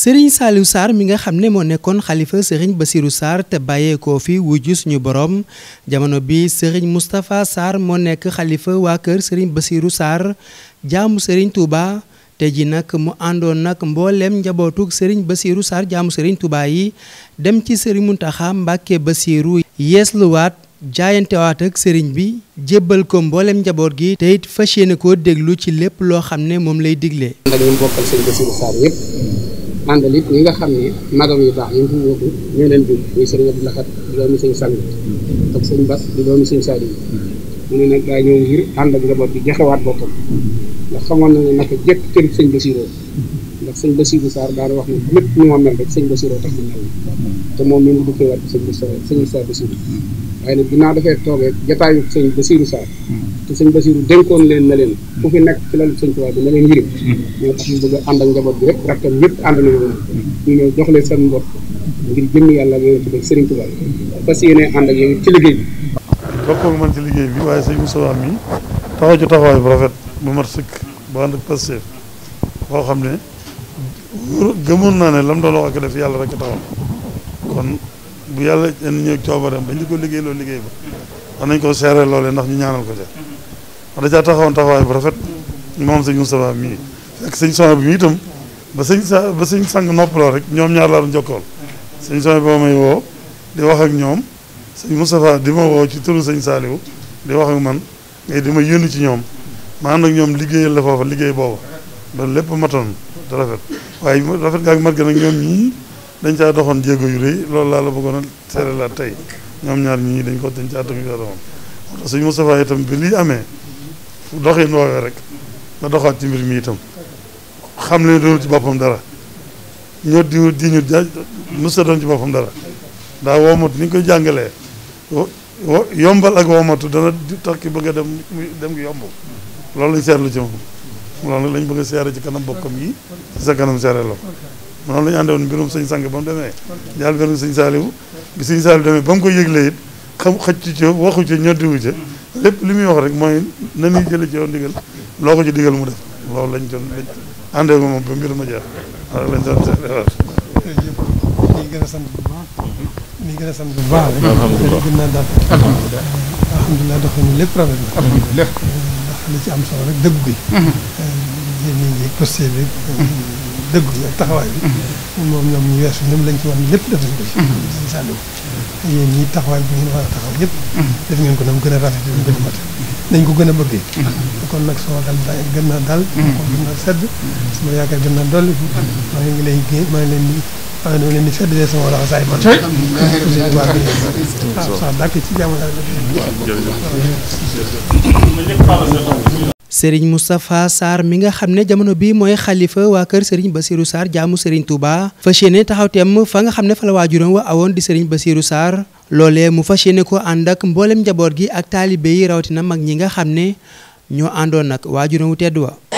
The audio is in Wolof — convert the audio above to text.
Serigne Saliou Sarr mi nga xam ne moo nekkoon xalifa Serigne Bassirou saar te bàyyeekoo fi wujju suñu boroom jamono bi Serigne Moustapha Sarr moo nekk xalifa waa kër sëriñ Bassirou Sarr jaamu Serigne Touba te ji nag mu àndoon nag mbooleem njabootug Serigne Bassirou Sarr jaamu Serigne Touba yi dem ci Serigne Mountakha Mbacké Bassirou yeesluwaat jaayantewaat ak Serigne bi jébbal ko mbooleem njaboot gi te it fas yéene koo déglu ci lépp loo xam ne moom lay digle. ndax bokkal Serigne Bassirou Sarr yëpp. àndal it ñi nga xam ne magam yu baax ñu fi yóbbu ñu leen jur muy sëriñ Abdou Lahat di doomi sëñ Sang mm-hmm. ak sëñ Bas di doomi sëñ Sadio mm-hmm. mu ne nag daa ñëw ngir ànd ak njaboot bi joxewaat boppam mm-hmm. ndax na ne naka jëkk kër sëñ Basiroo ndax sëñ Basiru Sarr daana wax ne lépp ñu ma mel rek sëñ Basiroo tax mu mel te moom mi ngi dukkee waat sëñ Basiru sëñ Sarr Basiru waaye nag ginnaaw dafay toogee jataayu sëñ Basiru Sarr te sëñ Basiru dénkoon leen na leen ku fi nekk ci lalu sëñ Tuubaa bi na leen yërëm ñoo tax ñu bëgg a ànd ak njaboot bi rek rakkam yëpp ànd nañu moom seen mbokk yàlla yooyu ci def sëriñ Tuubaa liggéey bi bokkoog man bi waaye sëñ Moussa mi taxaw ci bu rafet bu mat sëkk bu ànd ak xam ne gëmoon naa ne lam doon ak def yàlla rek taxaw kon bu yàlla ñëw coobareem dañ di ko liggéey loolu liggéey ba nañ ko seere loole ndax ñu ñaanal ko ca wax dëgg yàlla taxawoon taxawaay bu rafet moom sëñ Moustapha mii fekk sëñ Sonia bi mii itam ba sëñ sa ba sëñ sang noppaloo rek ñoom ñaar laa doon jokkool sëñ Sonia boo may woo di wax ak ñoom sëñ Moustapha di ma woo ci turu sëñ Saliou di wax ak man ngay di ma yëndu ci ñoom maanaam nag ñoom liggéeyal la foofa liggéey booba loolu lépp matoon te rafet waaye rafet ngaa mat ga nag ñoom ñii dañ caa doxoon jéego yu rëy loolu laa la bëggoon a seere laa tey ñoom ñaar ñii dañ ko dañ caa doxoon moo tax sëñ Moustapha itam amee doxin woowee rek na doxaat ci mbir mi itam xam leen doon ci boppam dara ñoo di di ñu da musta doon ci boppam dara daa woomatu ni koy jàngalee yombal ak woomatu dana tax ki bëgg a dem dem ngi yomb loolu lañ seetlu ci moom loolu nag lañ bëgg a seere ci kanam bokkam yi ci sa kanam seere la noonu la ñu àndewoon mbirum sëñ sang ba mu demee jàll mbirum sëñ saaliwu bi sëñ saaliwu demee ba mu ko yëglee it xam xëccu ca waxu ca ñoddiwu ca lépp li muy wax rek mooy na ñuy jëlee ci yow ndigal loo ko ci digal mu def loolu lañ doon lañ àndee moom ba mbir ma jeex waaw lañ doon defar. ñu gën a sant bu baax. ñu gën a sant bu baax rek. alhamdulilah gën naa daal. alhamdulilah alhamdulilah doxal na lépp rafet na. alhamdulilah ndax li ci am solo rek dëgg bi. yéen ñi ngi posté bi. dëggu yeeg taxawaay bi. Mm-hmm. moom ñoom ñu weesu ñoom lañ ci war lépp def ko ci. Mm-hmm. sëñ Saliou yéen ñii taxawaay bi ngeen war a taxaw yëpp. Mm-hmm. def ko na mu gën a rafet mu gën a mat ko gën a bëgg kon nag sama dal daa gën naa dal. kon gën naa sedd. sama yaakaar gën naa dolli. maa ngi lay génn maa ngi leen di maa ngi di seddalee sama wala saa yi man. Ah, tey waaw sax dàkk ci jàmm sëriñ Moustapha saar mi nga xam ne jamono bi mooy xalifa waa kër sëriñ Basirou saar jaamu sëriñ Touba fas yéene taxaw temm fa nga xam ne fa la waajuram wa awoon di sëriñ Basirou saar loolee mu fas yéene ko ànd ak mboolem njaboot gi ak taalibe yi rawatina mag ñi nga xam ne ñoo àndoon nag waajuram wu tedd wa